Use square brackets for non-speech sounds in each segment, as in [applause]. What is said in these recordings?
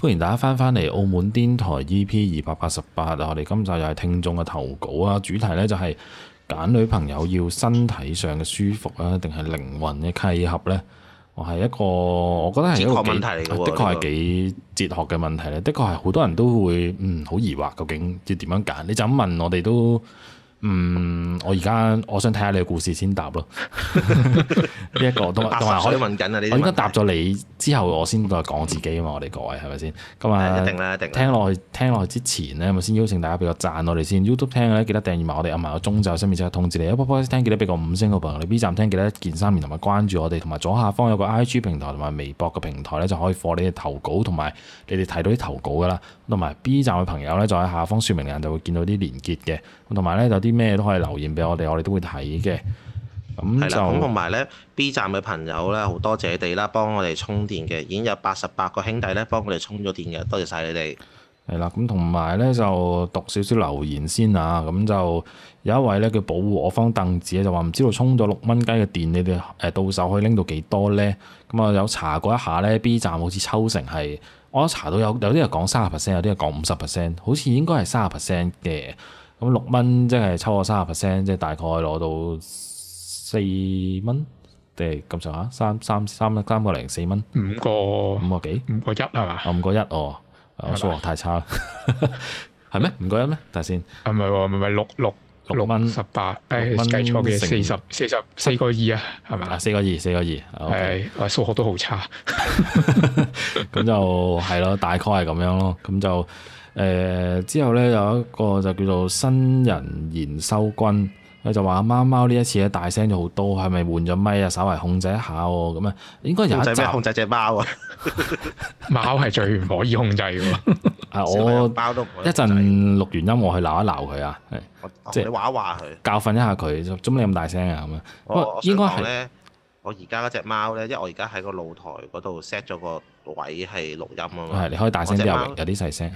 歡迎大家翻返嚟《澳門癲台 EP 二百八十八》啊！我哋今集又係聽眾嘅投稿啊，主題呢就係、是、揀女朋友要身體上嘅舒服啊，定係靈魂嘅契合呢？我係一個，我覺得係一個問題嚟嘅喎、這個，的確係幾哲學嘅問題呢，的確係好多人都會嗯好疑惑，究竟要點樣揀？你就咁問我哋都。嗯，我而家我想睇下你嘅故事先答咯。呢 [laughs] 一、呢個都、 [laughs] 啊、我應該答咗你之後，我先再講自己啊嘛，我哋各位係咪先？咁啊、嗯，一定啦，一定聽。聽落去聽落去之前咧，咪先邀請大家俾個讚我哋先。YouTube 聽咧，記得訂埋我哋按埋個鐘就，下面即係通知你。Apple Podcast 聽，記得俾個五星嘅朋友。你 B 站聽，記得一鍵三連同埋關注我哋，同埋左下方有個 IG 平台同埋微博嘅平台咧，就可以放你哋投稿同埋你哋睇到啲投稿噶啦。同埋 B 站嘅朋友咧，就喺下方説明欄就會見到啲連結嘅，同埋咧有啲咩都可以留言俾我哋，我哋都會睇嘅。咁就咁同埋咧，B 站嘅朋友咧，好多謝你哋啦，幫我哋充電嘅，已經有八十八個兄弟咧，幫我哋充咗電嘅，多謝晒你哋。係啦，咁同埋咧就讀少少留言先啊，咁就有一位咧叫保護我方凳子就話唔知道充咗六蚊雞嘅電，你哋誒到手可以拎到幾多咧？咁我有查過一下咧，B 站好似抽成係。我查到有有啲人講卅 percent，有啲人講五十 percent，好似應該係卅 percent 嘅。咁六蚊即係抽咗卅 percent，即係大概攞到四蚊，定係咁上下？三三三三個零四蚊？五個，五個幾？五個一係嘛？五個一哦，一，哦，係嘛？數學太差啦， [laughs] 係咩？五個一咩？大仙、啊？唔係喎，唔係六六。六，六六蚊十八，蚊，計錯嘅四十，四十四個二啊，係咪、okay. [laughs] 就？四個二，四個二。係，我數學都好差。咁就係咯，大概係咁樣咯。咁就誒、呃、之後咧有一個就叫做新人研修君，佢就話貓貓呢一次咧大聲咗好多，係咪換咗咪啊？稍微控制一下喎。咁啊，應該有一隻控制隻貓啊。 [laughs] 貓係最唔可以控制嘅。 [laughs] 啊！我一陣錄完音，我去鬧一鬧佢啊，係即係話一話佢，教訓一下佢。做乜你咁大聲啊？咁啊、哦，呢應該係咧。我而家嗰隻貓咧，因為我而家喺個露台嗰度 set 咗個位係錄音啊嘛。係，你可以大聲啲有啲細聲係。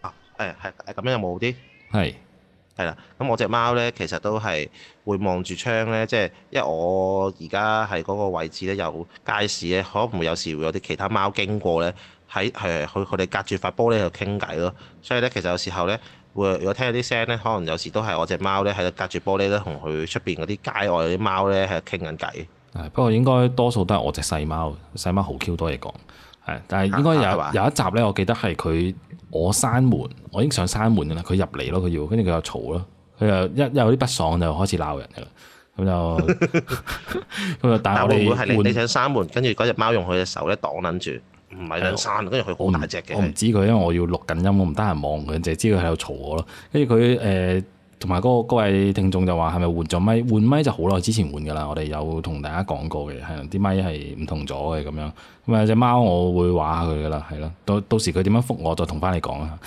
啊，誒係咁樣有冇好啲？係，係啦。咁我隻貓咧，其實都係會望住窗咧，即係因為我而家喺嗰個位置咧，有街市咧，可能會有時會有啲其他貓經過咧。喺誒，佢佢哋隔住塊玻璃喺度傾偈咯，所以咧其實有時候咧會，如果聽到啲聲咧，可能有時都係我隻貓咧喺度隔住玻璃咧同佢出邊嗰啲街外啲貓咧喺度傾緊偈。係，不過應該多數都係我隻細貓，細貓好 Q 多嘢講，係。但係應該有，啊，有一集咧，我記得係佢我閂門，我已經想閂門嘅啦，佢入嚟咯，佢要，跟住佢又嘈咯，佢又一,一有啲不爽就開始鬧人嘅啦，咁就咁就打我。但會唔會係你你想閂門，跟住嗰隻貓用佢隻手咧擋撚住？唔係兩三，跟住佢好大隻嘅。我唔知佢，因為我要錄緊音，我唔得閒望佢，淨係知佢喺度嘈我咯。跟住佢誒，同埋嗰位聽眾就話：係咪換咗咪？換咪就好耐之前換噶啦。我哋有同大家講過嘅，係啊，啲咪係唔同咗嘅咁樣。咁啊，隻貓我會話下佢噶啦，係咯。到到時佢點樣覆我，我再同翻你講啊。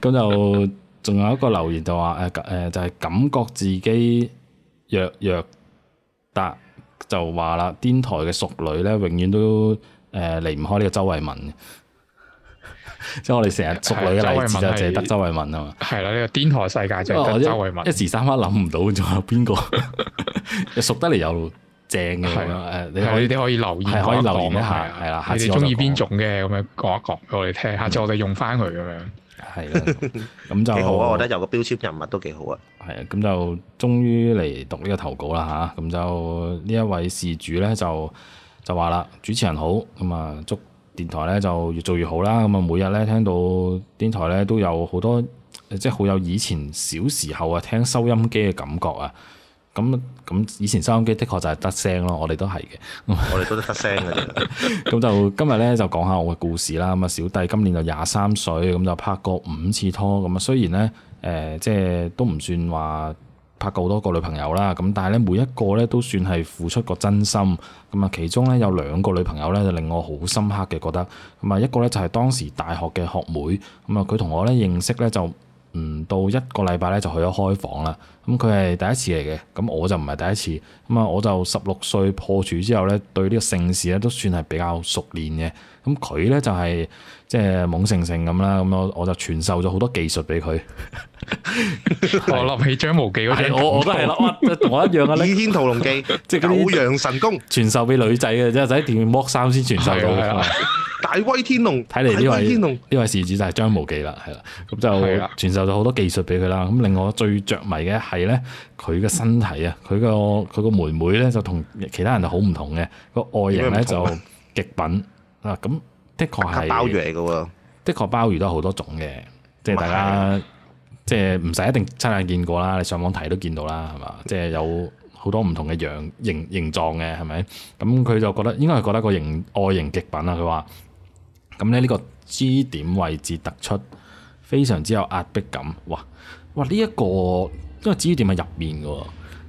咁就仲有一個留言就話誒誒，就係、是、感覺自己弱弱達就話啦，癲台嘅淑女咧，永遠都。誒，離唔開呢個周慧敏，即 [laughs] 係我哋成日熟女嘅例子就淨係得周慧敏啊嘛，係啦呢個癲台世界就係周慧敏，一時三刻諗唔到仲有邊個，熟得嚟又正嘅。誒的，你你可以，你可以留意，可以留言一下，係啦的，下次你哋中意邊種嘅咁樣講一講俾我哋聽，下次我哋用翻佢咁樣，係啊，咁就 [laughs] 好我覺得有個標籤人物都幾好啊，係啊，咁就終於嚟讀呢個投稿啦吓，咁就呢一位事主咧就。就話啦，主持人好，咁啊祝電台咧就越做越好啦。咁啊，每日咧聽到電台咧都有好多，即係好有以前小時候啊聽收音機嘅感覺啊。咁咁以前收音機的確就係得聲咯，我哋都係嘅。我哋都得聲嘅。咁就今日咧就講下我嘅故事啦。咁啊，小弟今年就廿三歲，咁就拍過五次拖。咁啊，雖然咧誒、呃、即係都唔算話。拍過好多個女朋友啦，咁但係咧每一個咧都算係付出過真心，咁啊其中咧有兩個女朋友咧就令我好深刻嘅覺得，咁啊一個咧就係當時大學嘅學妹，咁啊佢同我咧認識咧就唔到一個禮拜咧就去咗開房啦。咁佢係第一次嚟嘅，咁我就唔係第一次。咁啊、就是，我就十六歲破處之後咧，對呢個性事咧都算係比較熟練嘅。咁佢咧就係即係懵盛盛咁啦。咁我就傳授咗好多技術俾佢。我諗起張無忌嗰啲， [laughs] 我我都係我我一樣啊！倚 [laughs] 天屠龍記，即係 [laughs] 九陽神功傳 [laughs] 授俾女仔嘅，真一定要剝衫先傳授到 [laughs] [laughs] 大。大威天龍，睇嚟呢位呢位師子就係張無忌啦，係啦，咁就傳授咗好多技術俾佢啦。咁令我最着迷嘅。係咧，佢嘅身體啊，佢個佢個妹妹咧就同其他人就好唔同嘅，個外形咧就極品啊！咁的確係鮑魚嚟嘅喎，的確鮑魚都好多種嘅，即係、啊、大家即係唔使一定親眼見過啦，你上網睇都見到啦，係嘛？即、就、係、是、有好多唔同嘅樣形形狀嘅，係咪？咁佢就覺得應該係覺得個形外形極品啊。佢話。咁咧呢個 G 點位置突出，非常之有壓迫感。哇哇！呢、這、一個。因為 G 點係入面嘅喎，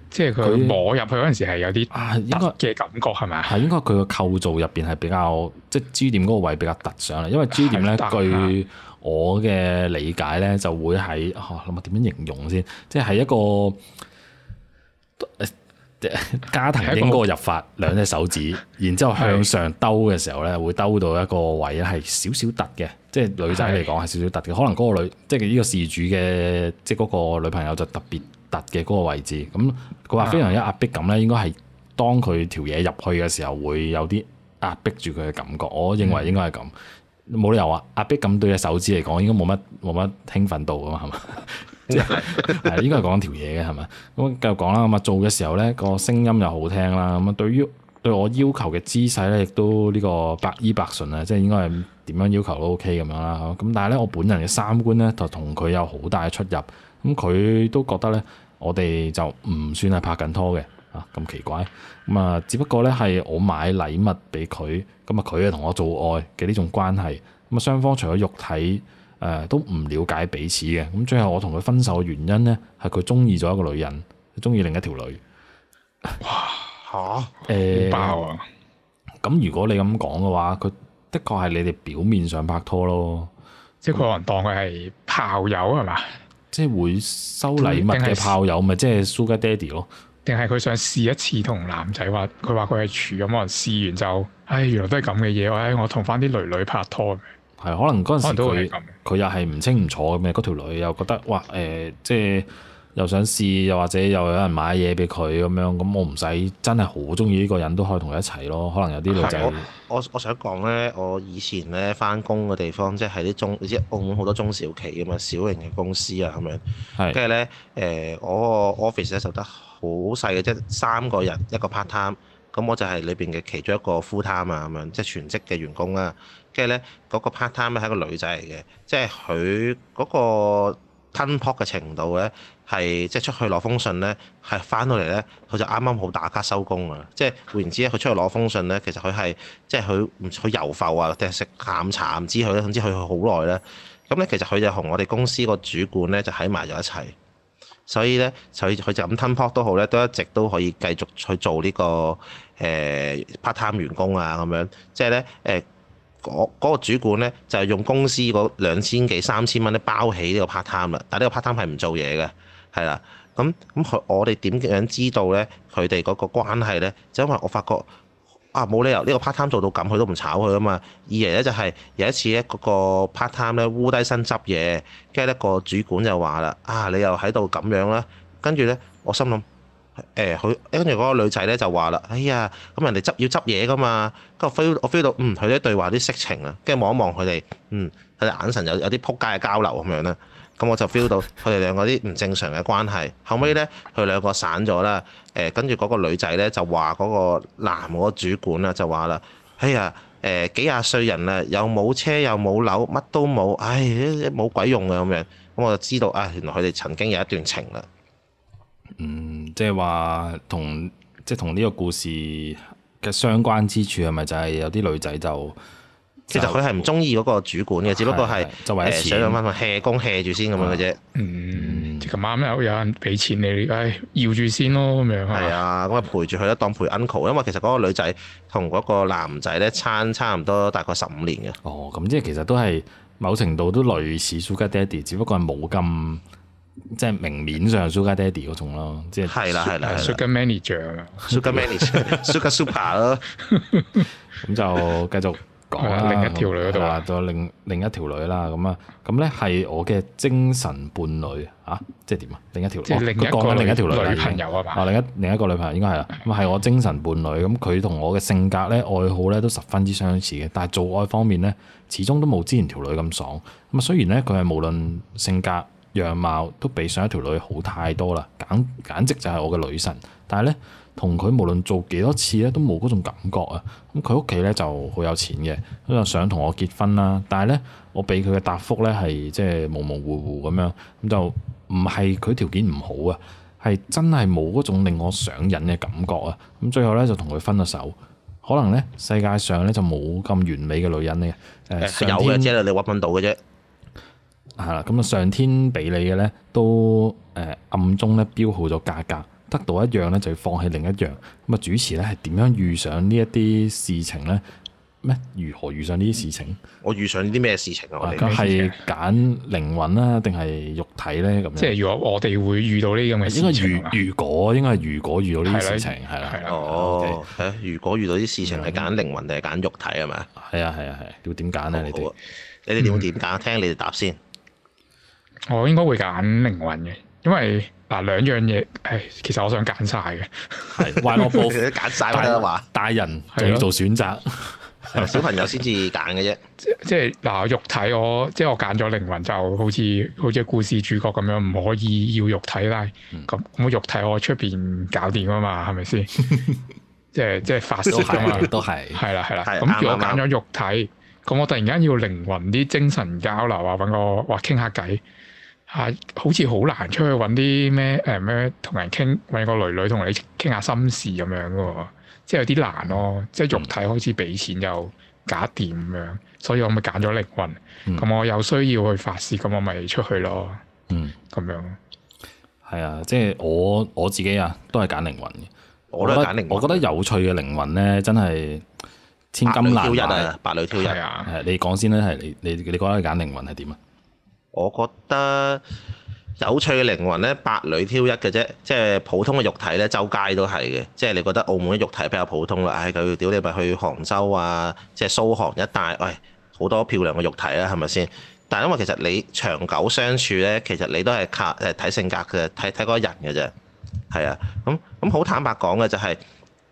即係佢摸入去嗰陣時係有啲啊，突嘅感覺係咪？係應該佢個構造入邊係比較，即係 G 點嗰個位比較突上嚟。因為 G 點咧，的據我嘅理解咧，就會喺我諗下點樣形容先，即係一個。呃.加藤鷹嗰個入法，兩隻 [laughs] 手指，然之後向上兜嘅時候咧， [laughs] 是會兜到一個位咧，係少少凸嘅，即係女仔嚟講係少少凸嘅。可能嗰個女，即係呢個事主嘅，即係嗰個女朋友就特別凸嘅嗰個位置。咁佢話非常之壓迫感咧，應該係當佢條嘢入去嘅時候會有啲壓迫住佢嘅感覺。我認為應該係咁。嗯冇理由啊！阿碧咁對隻手指嚟講， [laughs] [laughs] [laughs] 應該冇乜冇乜興奮度啊嘛，係嘛？即係應該係講條嘢嘅係嘛。咁繼續講啦，咁啊做嘅時候咧，個聲音又好聽啦。咁啊，對於對我要求嘅姿勢咧，亦都呢個百依百順啊，即係應該係點樣要求都 O K 咁樣啦。咁但係咧，我本人嘅三觀咧，就同佢有好大嘅出入。咁佢都覺得咧，我哋就唔算係拍緊拖嘅。啊咁奇怪咁啊！只不過咧係我買禮物俾佢，咁啊佢啊同我做愛嘅呢種關係，咁啊雙方除咗肉體誒、呃、都唔了解彼此嘅。咁最後我同佢分手嘅原因咧係佢中意咗一個女人，中意另一條女。哇吓誒，咁、爆啊、如果你咁講嘅話，佢的確係你哋表面上拍拖咯，即係佢可能當佢係炮友係嘛？即係會收禮物嘅炮友咪即係 sugar daddy 咯。定係佢想試一次同男仔話，佢話佢係處咁。可能試完就，唉，原來都係咁嘅嘢。我同翻啲女女拍拖嘅可能嗰陣時佢又係唔清唔楚咁嘅。嗰條女又覺得哇誒、呃，即係又想試，又或者又有人買嘢俾佢咁樣。咁我唔使真係好中意呢個人都可以同佢一齊咯。可能有啲女仔我我想講呢，我以前呢翻工嘅地方即係啲中澳門好多中小企㗎嘛，小型嘅公司啊咁樣。跟住是呢，誒、呃，我個 office 咧就得。好細嘅啫，三個人一個 part time，咁我就係裏邊嘅其中一個 full time 啊，咁樣即係全職嘅員工啦。跟住呢，嗰個 part time 咧係一個女仔嚟嘅，即係佢嗰個吞泡嘅程度呢，係即係出去攞封信呢，係翻到嚟呢，佢就啱啱好打卡收工啊。即係換言之佢出去攞封信呢，其實佢係即係佢唔佢遊浮啊，定係食下午茶唔知佢咧，總之佢好耐咧。咁呢，其實佢就同我哋公司個主管呢，就喺埋咗一齊。所以咧，佢佢就咁吞 e 都好咧，都一直都可以繼續去做呢、呢個誒、呃、part-time 員工啊咁樣，即係咧誒嗰個主管咧就係、是、用公司嗰兩千幾三千蚊咧包起呢個 part-time 啦，time，但係呢個 part-time 係唔做嘢嘅，係啦，咁咁佢我哋點樣知道咧佢哋嗰個關係咧？就是、因為我發覺。啊，冇理由呢個 part time 做到咁，佢都唔炒佢啊嘛。二嚟咧就係有一次，呢個 part time 咧烏低身執嘢，跟住呢個主管就話啦：啊，你又喺度咁樣啦。跟住咧，我心諗，誒，佢，跟住嗰個女仔咧就話啦：哎呀，咁人哋執要執嘢噶嘛。跟住我 feel，我 feel 到，嗯，佢啲對話啲色情啊。跟住望一望佢哋，嗯，佢哋眼神有有啲撲街嘅交流咁樣咧。咁我就 feel 到佢哋兩個啲唔正常嘅關係，後尾呢，佢兩個散咗啦。跟住嗰個女仔呢，就話嗰個男嗰主管啦，就話啦：哎呀，誒、呃、幾廿歲人啦，又冇車又冇樓，乜都冇，唉，冇鬼用嘅咁樣。咁、嗯、我就知道，啊、呃，原來佢哋曾經有一段情啦。嗯，即係話同即係同呢個故事嘅相關之處係咪就係有啲女仔就？其實佢係唔中意嗰個主管嘅，只不過係作為想揾份 hea 工 hea 住先咁樣嘅啫。嗯，琴晚又有人俾錢你，唉，要住先咯咁樣。係啊，咁啊陪住佢咯，當陪 uncle，因為其實嗰個女仔同嗰個男仔咧差差唔多，大概十五年嘅。哦，咁即係其實都係某程度都類似 sugar daddy，只不過係冇咁即係明面上 sugar daddy 嗰種咯。即係係啦係啦，Sugar Manager，Sugar Manager，Sugar Super。咯。咁就繼續。 [laughs] 係啦，另一條女啊，就另、哦、另一條女啦、哦，咁啊，咁咧係我嘅精神伴侶啊，即係點啊？另一條，即係另一另一個女朋友，女朋友啊另一另一個女朋友應該係啦，咁啊係我精神伴侶，咁佢同我嘅性格咧、愛好咧都十分之相似嘅，但係做愛方面咧，始終都冇之前條女咁爽，咁啊雖然咧佢係無論性格、樣貌都比上一條女好太多啦，簡簡直就係我嘅女神。但係呢，同佢無論做幾多次呢，都冇嗰種感覺啊。咁佢屋企呢就好有錢嘅，咁就想同我結婚啦。但係呢，我俾佢嘅答覆呢係即係模模糊糊咁樣，咁就唔係佢條件唔好啊，係真係冇嗰種令我上癮嘅感覺啊。咁最後呢，就同佢分咗手。可能呢，世界上呢就冇咁完美嘅女人呢。有嘅啫，你揾唔到嘅啫。係啦，咁啊上天俾你嘅咧，都誒暗中咧標號咗價格，得到一樣咧就放棄另一樣。咁啊主持咧係點樣遇上呢一啲事情咧？咩？如何遇上呢啲事情？我遇上啲咩事情啊？我哋係揀靈魂啊，定係肉體咧？咁即係如果我哋會遇到呢啲咁嘅事情？如果應該係如果遇到呢啲事情係啦，哦，如果遇到啲事情係揀靈魂定係揀肉體啊嘛？係啊係啊係，要點揀咧？你哋你哋點點揀？聽你哋答先。我應該會揀靈魂嘅，因為嗱兩樣嘢，誒，其實我想揀晒嘅，係懷樂寶其實都揀晒啦，話大人仲要做選擇，小朋友先至揀嘅啫，即係嗱肉體我即係我揀咗靈魂，就好似好似故事主角咁樣，唔可以要肉體啦，咁我肉體我出邊搞掂啊嘛，係咪先？即係即係發泄下嘛，都係係啦係啦，咁如果揀咗肉體，咁我突然間要靈魂啲精神交流啊，搵個話傾下偈。啊，好似好難出去揾啲咩誒咩，同、欸、人傾揾個女女同你傾下心事咁樣嘅喎，即係有啲難咯、啊，即係肉體開始俾錢又搞掂咁樣，所以我咪揀咗靈魂。咁、嗯、我有需要去發泄，咁我咪出去咯。嗯，咁樣。係啊，即、就、係、是、我我自己啊，都係揀靈魂嘅。我都揀靈我，我覺得有趣嘅靈魂咧，真係千金難揀，百裡挑一啊！係、啊、你講先咧，係你你你覺得揀靈魂係點啊？我覺得有趣嘅靈魂呢，百里挑一嘅啫，即係普通嘅肉體呢，周街都係嘅。即係你覺得澳門嘅肉體比較普通啦，唉、哎，佢屌你咪去杭州啊，即係蘇杭一帶，喂、哎，好多漂亮嘅肉體啦、啊，係咪先？但係因為其實你長久相處呢，其實你都係靠誒睇性格嘅，睇睇嗰人嘅啫。係啊，咁咁好坦白講嘅就係、是，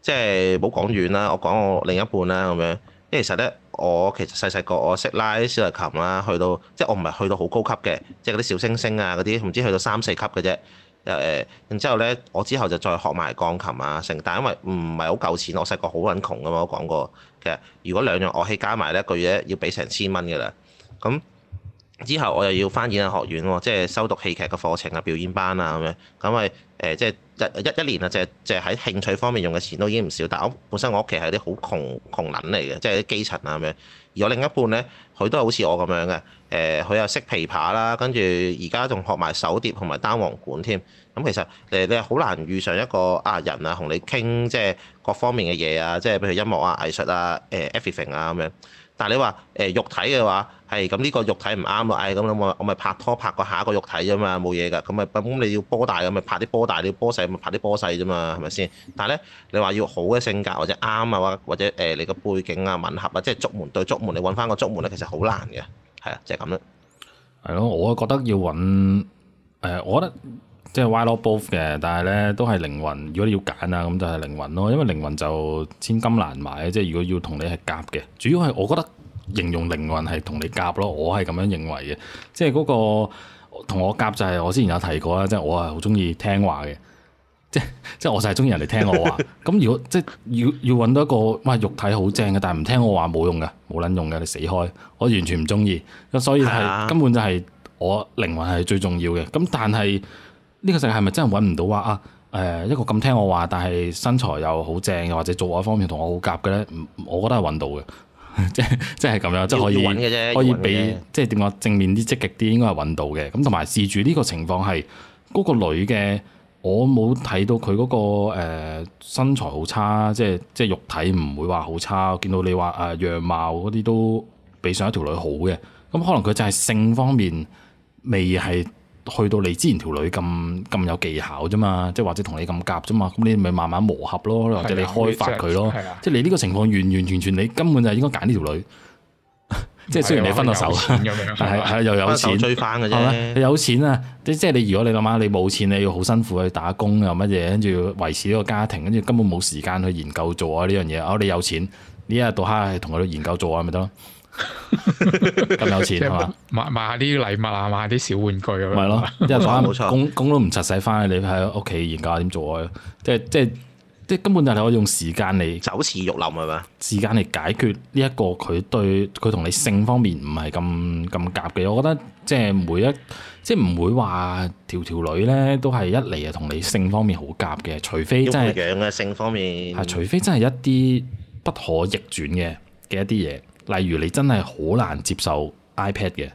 即係唔好講遠啦，我講我另一半啦，咁樣。因為其實咧，我其實細細個我識拉小提琴啦，去到即係我唔係去到好高級嘅，即係嗰啲小星星啊嗰啲，唔知去到三四級嘅啫。誒，然之後咧，我之後就再學埋鋼琴啊成，但係因為唔係好夠錢，我細個好撚窮㗎嘛，我講過。其實如果兩樣樂器加埋咧，一個月要俾成千蚊嘅啦。咁之後我又要翻演藝學院喎，即係修讀戲劇嘅課程啊、表演班啊咁樣。咁咪誒即係一一一年啊，就就喺興趣方面用嘅錢都已經唔少。但係我本身我屋企係啲好窮窮人嚟嘅，即係啲基層啊咁樣。而我另一半咧，佢都係好似我咁樣嘅。誒、嗯，佢又識琵琶啦，跟住而家仲學埋手碟同埋單簧管添。咁其實誒你係好難遇上一個啊人啊，同你傾即係各方面嘅嘢啊，即係譬如音樂啊、藝術啊、誒、呃、everything 啊咁樣。但係你話誒、呃、肉體嘅話係咁呢個肉體唔啱咯，哎咁咁我我咪拍拖拍個下一個肉體啫嘛，冇嘢㗎。咁咪咁你要波大咁咪拍啲波大，你要波細咪拍啲波細啫嘛，係咪先？但係咧你話要好嘅性格或者啱啊，或或者誒、呃、你個背景啊吻合啊，即係竹門對竹門，你揾翻個竹門咧其實好難嘅，係啊，就係咁啦。係咯，我覺得要揾誒、呃，我覺得。即係 why not both 嘅，但係咧都係靈魂。如果你要揀啊，咁就係靈魂咯，因為靈魂就千金難買。即係如果要同你係夾嘅，主要係我覺得形容靈魂係同你夾咯，我係咁樣認為嘅。即係嗰、那個同我夾就係我之前有提過啦，即係我係好中意聽話嘅，即即係我就係中意人哋聽我話。咁 [laughs] 如果即係要要揾到一個，喂、哎、肉體好正嘅，但係唔聽我話冇用嘅，冇撚用嘅，你死開！我完全唔中意，所以係根本就係我靈魂係最重要嘅。咁但係。呢個世界係咪真係揾唔到哇啊？誒、呃，一個咁聽我話，但係身材又好正嘅，或者做愛方面同我好夾嘅呢，我覺得係揾到嘅，即即係咁樣，要即係可以可以俾即係點講正面啲、積極啲，應該係揾到嘅。咁同埋試住呢個情況係嗰個女嘅，我冇睇到佢嗰、個、呃、身材好差，即係即係肉體唔會話好差。我見到你話誒、呃、樣貌嗰啲都比上一條女好嘅，咁可能佢就係性方面未係。去到你之前條女咁咁有技巧啫嘛，即係或者同你咁夾啫嘛，咁你咪慢慢磨合咯，或者你開發佢咯，即係你呢個情況完完全全你根本就應該揀呢條女。 [laughs] 即係雖然你分咗手咁 [laughs] 又有錢追翻有錢啊！即即係你如果你諗下你冇錢，你要好辛苦去打工又乜嘢，跟住維持呢個家庭，跟住根本冇時間去研究做啊呢樣嘢。哦，你有錢，你一日到黑係同佢去研究做啊，咪得咯。咁 [laughs] 有錢係嘛？買買下啲禮物啊，買下啲小玩具咯。係咯， [laughs] 一日翻冇錯，工工都唔實際翻。你喺屋企研究點做愛，即係即係即係根本就係可以用時間嚟。久熾玉林係嘛？時間嚟解決呢、這、一個佢對佢同你性方面唔係咁咁夾嘅。我覺得即係每一即係唔會話條條女咧都係一嚟啊同你性方面好夾嘅，除非真係樣嘅性方面係，除非真係一啲不可逆轉嘅嘅一啲嘢。例如你真係好難接受 iPad 嘅，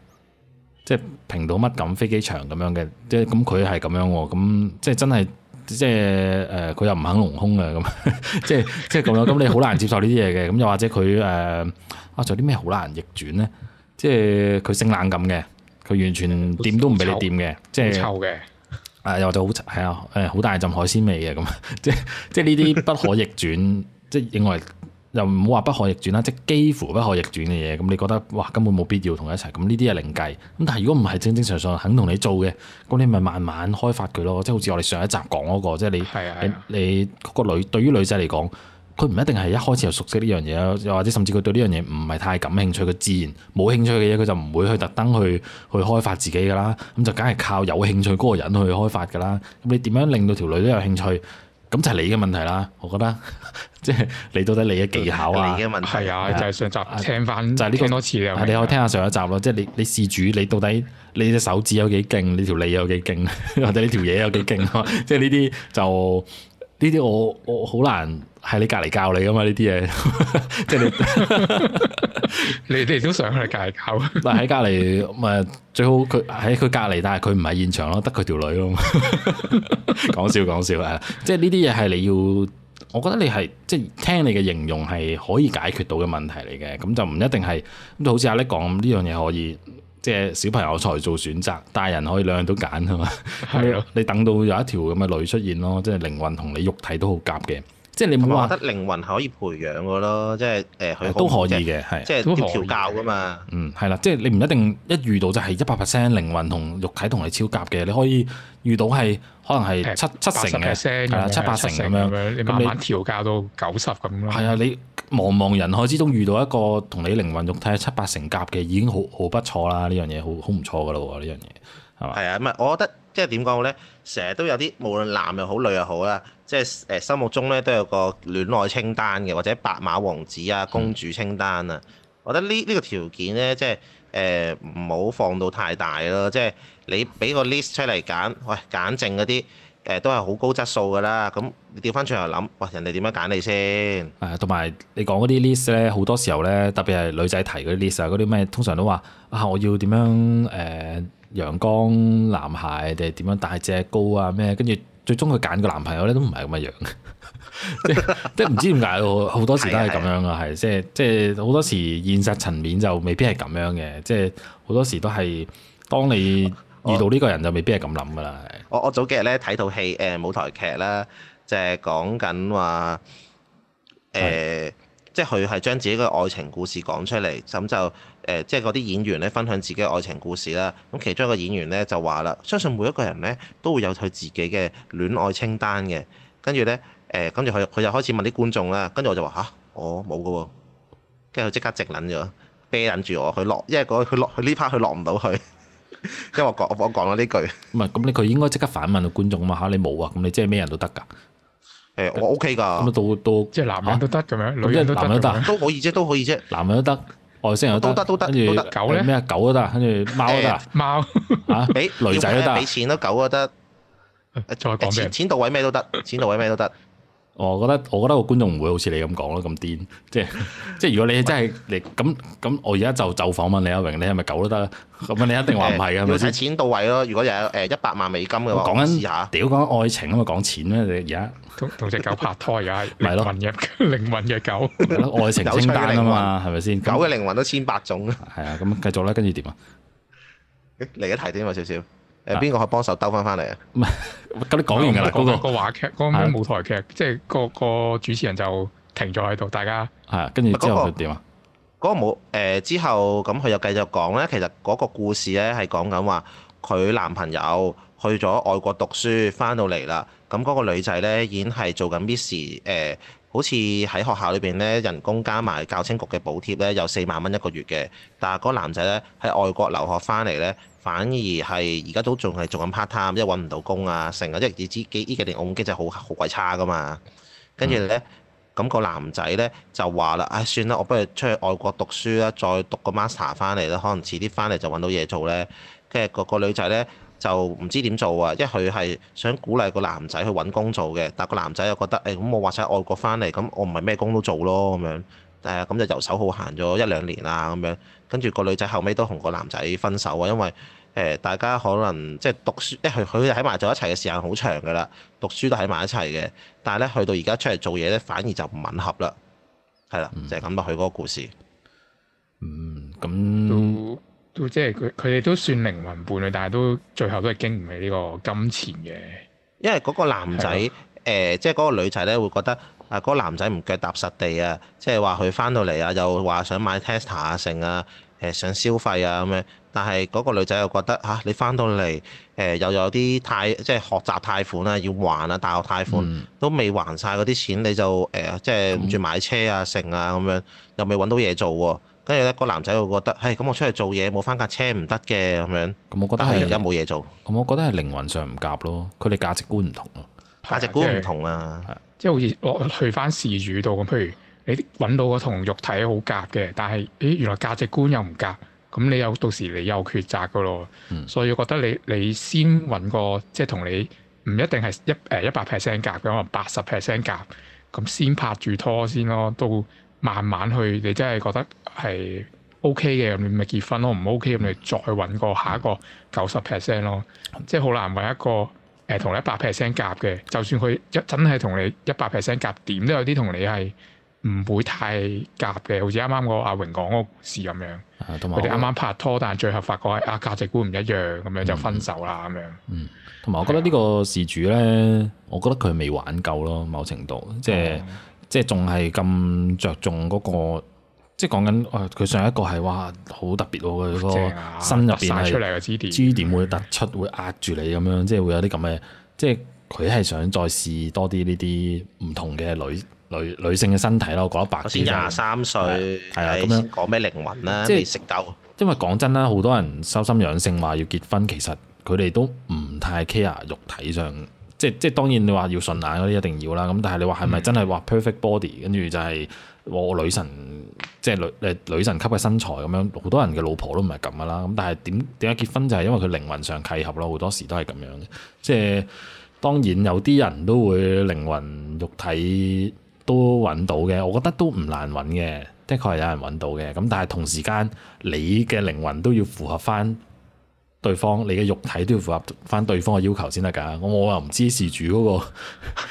即係平到乜咁，飛機場咁樣嘅，即係咁佢係咁樣喎，咁即係真係即係誒，佢、呃、又唔肯隆胸啊，咁即係即係咁樣，咁 [laughs] 你好難接受呢啲嘢嘅，咁又或者佢誒、呃、啊，仲有啲咩好難逆轉咧？即係佢性冷感嘅，佢完全掂都唔俾你掂嘅，即係臭嘅，誒又就好臭，啊，誒好大浸海鮮味嘅咁，即係即係呢啲不可逆轉，即係認為。又唔好話不可逆轉啦，即係幾乎不可逆轉嘅嘢。咁你覺得嘩，根本冇必要同佢一齊。咁呢啲係另計。咁但係如果唔係正正常常肯同你做嘅，咁你咪慢慢開發佢咯。即係好似我哋上一集講嗰、那個，即係你的你，你個女對於女仔嚟講，佢唔一定係一開始就熟悉呢樣嘢，又或者甚至佢對呢樣嘢唔係太感興趣。佢自然冇興趣嘅嘢，佢就唔會去特登去去開發自己㗎啦。咁就梗係靠有興趣嗰個人去開發㗎啦。咁你點樣令到條女都有興趣？咁就係你嘅問題啦，我覺得即係 [laughs] 你到底你嘅技巧啊，你嘅問題啊，係啊，啊就係上集、啊、聽翻完，就係、呢個、聽多次啊！你可以聽下上一集咯，即、就、係、係、你你試住，你到底你隻手指有幾勁，你條脷有幾勁， [laughs] 或者你條嘢有幾勁，即係呢啲就呢啲我我好難。喺你隔籬教你噶嘛？呢啲嘢，即 [laughs] 係你 [laughs] [laughs] 你哋都想喺隔籬教。唔係喺隔籬，唔係最好佢喺佢隔籬，但係佢唔係現場咯，得佢條女咯。講笑講笑，係即係呢啲嘢係你要，我覺得你係即係聽你嘅形容係可以解決到嘅問題嚟嘅，咁就唔一定係。好似阿叻講，呢樣嘢可以，即係小朋友才做選擇，大人可以兩樣都揀係嘛？係啊，的 [laughs] [laughs] 你等到有一條咁嘅女出現咯，即係靈魂同你肉體都好夾嘅。即係你冇話得靈魂可以培養嘅咯，即係誒佢都可以嘅，即係要調教噶嘛。嗯，係啦，即係你唔一定一遇到就係一百 percent 靈魂同肉體同你超夾嘅，你可以遇到係可能係七七成嘅，係啦，七八成咁樣。咁你慢慢調教到九十咁咯。係啊，你茫茫人海之中遇到一個同你靈魂肉體係七八成夾嘅，已經好好不錯啦。呢樣嘢好好唔錯嘅咯喎，呢樣嘢係嘛？係啊，唔係我覺得即係點講好咧？成日都有啲無論男又好女又好啊。即係誒心目中咧都有個戀愛清單嘅，或者白馬王子啊、公主清單啊。我覺得呢呢個條件咧，即係誒唔好放到太大咯。即係你俾個 list 出嚟揀，喂，揀剩嗰啲誒都係好高質素㗎啦。咁你調翻轉頭諗，哇，人哋點樣揀你先？誒同埋你講嗰啲 list 咧，好多時候咧，特別係女仔提嗰啲 list 啊，嗰啲咩通常都話啊，我要點樣誒陽光男孩定點樣大隻高啊咩？跟住最終佢揀個男朋友咧，都唔係咁嘅樣、 [laughs] 就係，即係唔知點解，好多時都係咁樣啦，係即係即係好多時現實層面就未必係咁樣嘅，即係好多時都係當你遇到呢個人就未必係咁諗噶啦。我我早幾日咧睇套戲，誒舞台劇啦，就係講緊話，誒即係佢係將自己嘅愛情故事講出嚟，咁就。誒、呃、即係嗰啲演員咧分享自己嘅愛情故事啦，咁其中一個演員咧就話啦，相信每一個人咧都會有佢自己嘅戀愛清單嘅。跟住咧誒，跟住佢佢就開始問啲觀眾啦。跟住我就話吓，我冇噶喎。跟住佢即刻直撚咗啤撚住我，佢落因為佢落去呢 part 佢落唔到去，因為我講我講咗呢句。唔係咁，你佢應該即刻反問個觀眾啊嘛嚇，你冇啊？咁你即係咩人都得㗎？誒、欸、我 OK 㗎。咁、嗯、啊到到即係男人都得㗎咩？咁即係男人都得都可以啫，都可以啫，以男人都得。外星人都得，跟住後狗咧呢，咩狗都得，跟住貓都得，貓嚇俾女仔都得，俾錢咯狗都得，仲係講咩？錢到位咩都得，錢到位咩都得。我覺得我覺得個觀眾唔會好似你咁講咯，咁癲，即係即係如果你真係你咁咁，我而家就就訪問李阿榮，你係咪狗都得？咁你一定話唔係啊？咪先。如係錢到位咯，如果有誒一百萬美金嘅話，講緊試下屌講愛情啊嘛，講錢咩？你而家同同隻狗拍拖又係咪咯？靈魂嘅狗，愛情清單啊嘛，係咪先？狗嘅靈魂都千百種啊！係啊，咁繼續啦，跟住點啊？嚟一題添啊，少少。誒邊個可以幫手兜翻翻嚟啊？唔係， [laughs] 咁你講完㗎啦。嗰、嗰個、嗰個話劇，嗰個舞台劇，的即係個、嗰個主持人就停咗喺度，大家係跟住之後點啊？嗰、嗰個冇誒、嗰個呃，之後咁佢就繼續講咧。其實嗰個故事咧係講緊話，佢男朋友去咗外國讀書，翻到嚟啦。咁、嗰、嗰個女仔咧已經係做緊 miss 誒，好似喺學校裏邊咧人工加埋教青局嘅補貼咧有四萬蚊一個月嘅。但係嗰男仔咧喺外國留學翻嚟咧。反而係而家都仲係做緊 part time，因為揾唔到工啊，成日一為你知機呢幾年澳門經濟好好鬼差㗎嘛。跟住呢，咁、那個男仔呢就話啦，唉、哎，算啦，我不如出去外國讀書啦，再讀個 master 翻嚟啦，可能遲啲翻嚟就揾到嘢做呢。做」跟住個個女仔呢就唔知點做啊，一佢係想鼓勵個男仔去揾工做嘅，但個男仔又覺得，誒、哎，咁我話晒外國翻嚟，咁我唔係咩工都做咯，咁樣但係，咁就遊手好閒咗一兩年啦，咁樣。跟住個女仔後尾都同個男仔分手啊，因為。誒，大家可能即係讀書，一去佢哋喺埋咗一齊嘅時間好長㗎啦，讀書都喺埋一齊嘅，但係咧去到而家出嚟做嘢咧，反而就唔吻合啦，係啦，嗯、就係咁啊，佢嗰個故事。嗯，咁都都即係佢佢哋都算靈魂伴侶，但係都最後都係經唔起呢個金錢嘅。因為嗰個男仔誒的、呃，即係嗰個女仔咧會覺得啊，嗰個男仔唔腳踏實地啊，即係話佢翻到嚟啊，又話想買 tester 啊，剩啊。誒，想消費啊咁樣，但係嗰個女仔又覺得嚇、啊，你翻到嚟誒又有啲貸，即係學習貸款啊，要還啊，大學貸款、嗯、都未還晒嗰啲錢，你就誒、呃、即係諗住買車啊、剩啊咁樣，又未揾到嘢做喎。跟住咧，個男仔又覺得，嘿、欸，咁我出去做嘢冇翻架車唔得嘅咁樣。咁我覺得係而家冇嘢做。咁我覺得係靈魂上唔夾咯，佢哋價值觀唔同咯，價值觀唔同啦、啊。即係好似落去翻事主度咁，譬如。你揾到個同肉體好夾嘅，但係誒原來價值觀又唔夾，咁你又到時你又抉擇噶咯。嗯、所以覺得你你先揾個即係同你唔一定係一誒一百 percent 夾嘅，可能八十 percent 夾，咁先拍住拖先咯，到慢慢去你真係覺得係 OK 嘅，咁你咪結婚咯。唔 OK 咁你再揾個下一個九十 percent 咯，即係好難揾一個誒同一百 percent 夾嘅，就算佢一真係同你一百 percent 夾點都有啲同你係。唔會太夾嘅，好似啱啱個阿榮講嗰事咁樣。同埋佢哋啱啱拍拖，但係最後發覺阿價值觀唔一樣，咁樣、嗯、就分手啦咁、嗯、這樣。嗯，同埋我覺得個呢個事主咧，我覺得佢未玩夠咯，某程度即係、嗯、即係仲係咁着重嗰、那個，即係講緊佢、啊、上一個係哇好特別喎，個、啊、身入邊係 G 點會突出、嗯、會壓住你咁樣，即係會有啲咁嘅，即係佢係想再試多啲呢啲唔同嘅女，女女性嘅身體咯，講得白啲，廿三歲，係啊，咁樣講咩靈魂啦、啊，斗即係食夠。因為講真啦，好多人修心養性話要結婚，其實佢哋都唔太 care 肉體上，即係即係當然你話要順眼嗰啲一定要啦。咁但係你話係咪真係話 perfect body，跟住、嗯、就係我女神，即係女女神級嘅身材咁樣，好多人嘅老婆都唔係咁噶啦。咁但係點點解結婚就係、是、因為佢靈魂上契合咯？好多時都係咁樣嘅。即係當然有啲人都會靈魂肉體。都揾到嘅，我覺得都唔難揾嘅，的確係有人揾到嘅。咁但係同時間，你嘅靈魂都要符合返。對方你嘅肉體都要符合翻對方嘅要求先得噶，咁我我又唔知事主嗰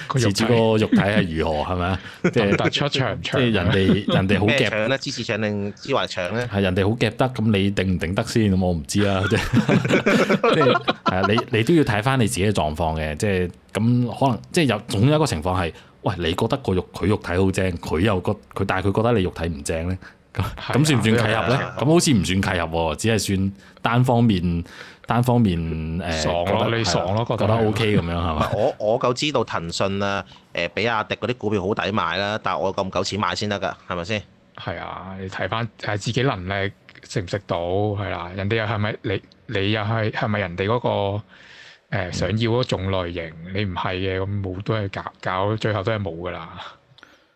個事主個肉體係如何，係咪？即係長唔長？即係人哋人哋好夾得，芝士長定芝華長咧？係人哋好夾得，咁你頂唔頂得先？咁我唔知啦。即係係啊，你你都要睇翻你自己嘅狀況嘅，即係咁可能即係有總有一個情況係，喂，你覺得個肉佢肉體好正，佢又覺佢但係佢覺得你肉體唔正咧。咁 [laughs] 算唔算契合咧？咁 [music] 好似唔算契合喎、啊，只係算單方面，單方面誒，呃、爽咯了，得你爽咯，覺得 OK 咁樣係嘛？我我夠知道騰訊啊，誒、呃，比亞迪嗰啲股票好抵買啦，但係我咁夠錢買先得㗎，係咪先？係啊，你睇翻係自己能力識唔識到係啦、啊，人哋又係咪你你又係係咪人哋嗰、那個、呃、想要嗰種類型？嗯、你唔係嘅咁冇都係搞搞，最後都係冇㗎啦。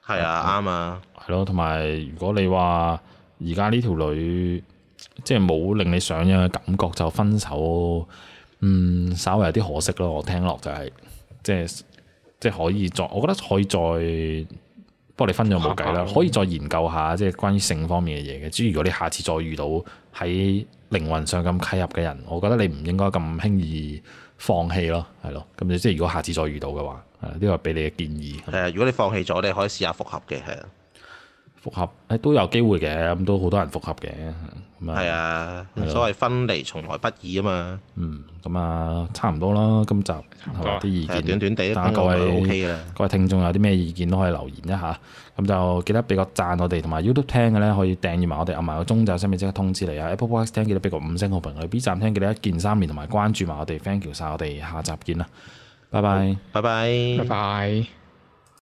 係啊，啱啊。係咯，同埋如果你話而家呢條女即係冇令你上癮嘅感覺，就分手。嗯，稍為有啲可惜咯。我聽落就係、是、即係即係可以再，我覺得可以再。不過你分咗冇計啦，可以再研究下即係關於性方面嘅嘢嘅。至於如果你下次再遇到喺靈魂上咁契合嘅人，我覺得你唔應該咁輕易放棄咯。係咯，咁你即係如果下次再遇到嘅話。呢個俾你嘅建議。係啊，如果你放棄咗，你可以試下復合嘅，係啊。復合，誒都有機會嘅，咁都好多人復合嘅。係、嗯、啊，嗯嗯、所謂分離從來不易啊嘛。嗯，咁啊，差唔多啦。今集啲意見短短地，但係 O K 啦。各位聽眾有啲咩意見都可以留言一下。咁就記得俾個讚我哋，同埋 YouTube 聽嘅咧，可以訂閱埋我哋，按埋個鐘就方便即刻通知你啊。Apple Box 聽記得俾個五星好評，去 B 站聽記得一鍵三連，同埋關注埋我哋 Thank you 晒，我哋下集見啦。拜拜，拜拜，拜拜。